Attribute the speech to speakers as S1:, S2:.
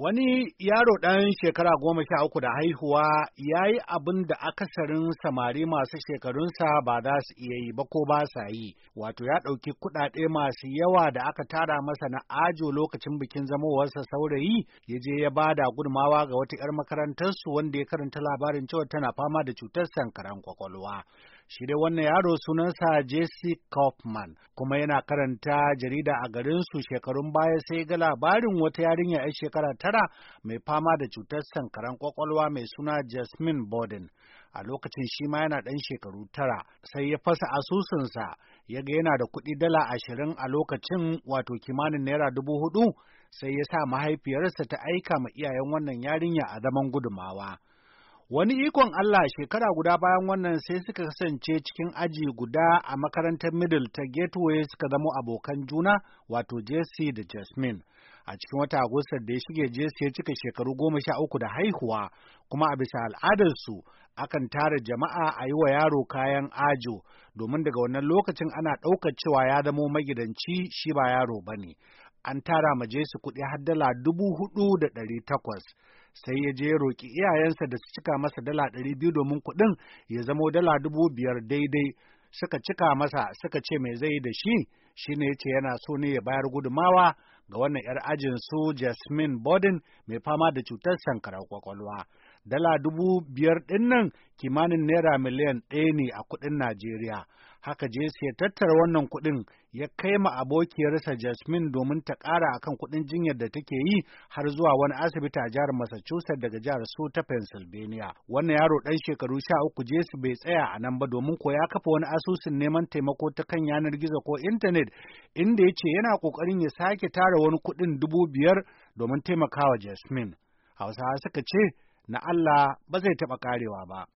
S1: Wani yaro ɗan shekara goma sha uku da haihuwa ya yi abin da akasarin samari masu shekarunsa ba za su iya yi ba ko ba sa yi, wato ya ɗauki kuɗaɗe masu yawa da aka tara masa na ajo lokacin bikin zamowarsa saurayi, ya je ya ba da gudunmawa ga wata 'yar makarantarsu wanda ya karanta labarin cewa tana fama da cutar sankaran kwakwalwa. Shi dai wannan yaro sunansa Jesse Kaufman kuma yana karanta jarida a garinsu shekarun baya sai ga labarin wata yarinya 'yar shekara tara mai fama da cutar sankaran kwakwalwa mai suna Jasmine Borden. a lokacin shi ma yana ɗan shekaru tara sai ya fasa asusunsa ya ga yana da kuɗi dala ashirin a lokacin wato kimanin naira dubu hudu sai ya sa mahaifiyarsa ta aika ma iyayen wannan yarinya a zaman gudumawa. Wani ikon Allah shekara guda bayan wannan sai suka kasance cikin aji guda a makarantar middle ta gateway suka zama abokan juna wato Jesse da Jasmine. A cikin wata Agusta da ya shige Jesse ya cika shekaru goma sha uku da haihuwa kuma a bisa al'adarsu akan tara jama'a a yi wa yaro kayan ajo domin daga wannan lokacin ana ɗaukar cewa ya zamo magidanci shi ba yaro ba ne. An tara ma Jesse kuɗi har dala dubu hudu da ɗari takwas. sai ya je roƙi iyayensa da su cika masa dala ɗari biyu domin kuɗin ya zamo dala dubu biyar daidai suka cika masa suka ce mai zai da shi shi ne ce yana so ne ya bayar gudumawa ga wannan 'yar ajin su Jasmine Bodin mai fama da cutar sankarar kwakwalwa. dala dubu biyar dinnan, kimanin naira miliyan ɗaya ne a kuɗin Najeriya. Haka Jesse ya tattara wannan kuɗin ya kai ma abokiyarsa Jasmine domin ta ƙara akan kuɗin jinyar da take yi har zuwa wani asibiti a jihar Massachusetts daga jihar su ta Pennsylvania. Wannan yaro ɗan shekaru sha uku Jesse bai tsaya a nan ba domin ko ya kafa wani asusun neman taimako ta kan yanar gizo ko intanet inda ya ce yana ƙoƙarin ya sake tara wani kuɗin dubu biyar domin taimakawa Jasmine. Hausawa suka ce na Allah ba zai taɓa ƙarewa ba.